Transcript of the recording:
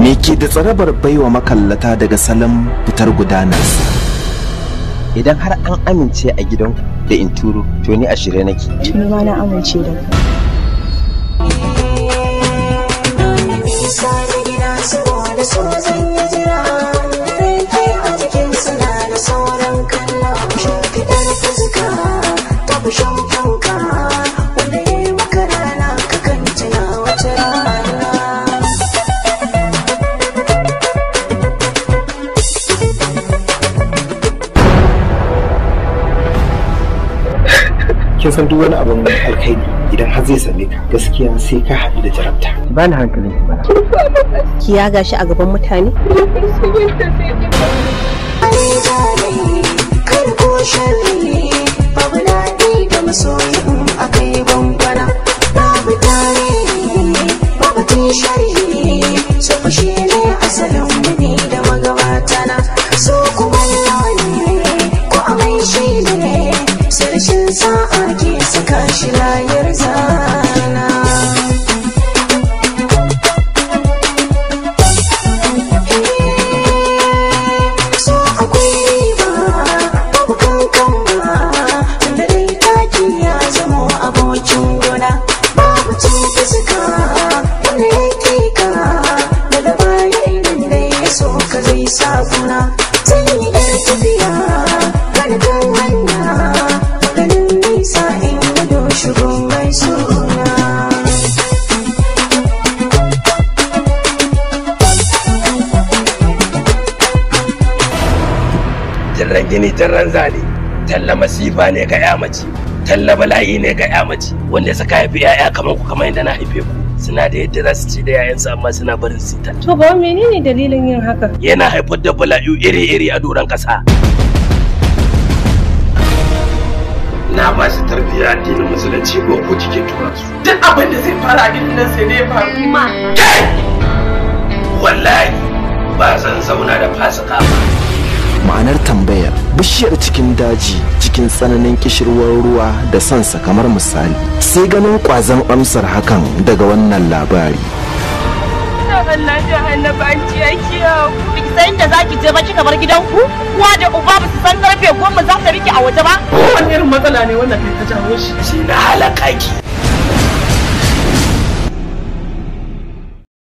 me ke da tsarabar baiwa makallata daga salon fitar gudanar. idan har an amince a gidan da inturo to ni a shirye nake tuni ma na amince da ka kin san duk wani abu mai alkhairi idan har zai same ka gaskiya sai ka haɗu da jarabta ba ni hankalin ki ba ki ya gashi a gaban mutane Babu so kuna sun yi yar tafiya kada wanda ganin nisa in gudu shigo mai suna Jarran gini jarran zane talla masifa ne ga ya mace talla bala'i ne ga ya mace wanda suka haifi 'ya'ya kamar ku kamar yadda na haife ku suna da yadda za su ci da yayansu amma suna barin sita. To ba menene dalilin yin haka? Yana haifar da bala'u iri-iri a doron ƙasa. Na ba shi tarbiyya addinin musulunci ko ko kike tura Duk abin da zai fara a gidan sai ne faru. Ma. Wallahi ba zan zauna da fasika ba. ma'anar tambaya bishiyar cikin daji cikin tsananin kishirwar ruwa da sansa kamar misali sai ganin kwazon amsar hakan daga wannan labari Allah da annabi an da zaki je baki kamar gidan ku, kuwa da uba ba su san karfe goma za ta rike a waje ba wannan irin matsala ne wannan kai ta jawo shi shi na halaka ki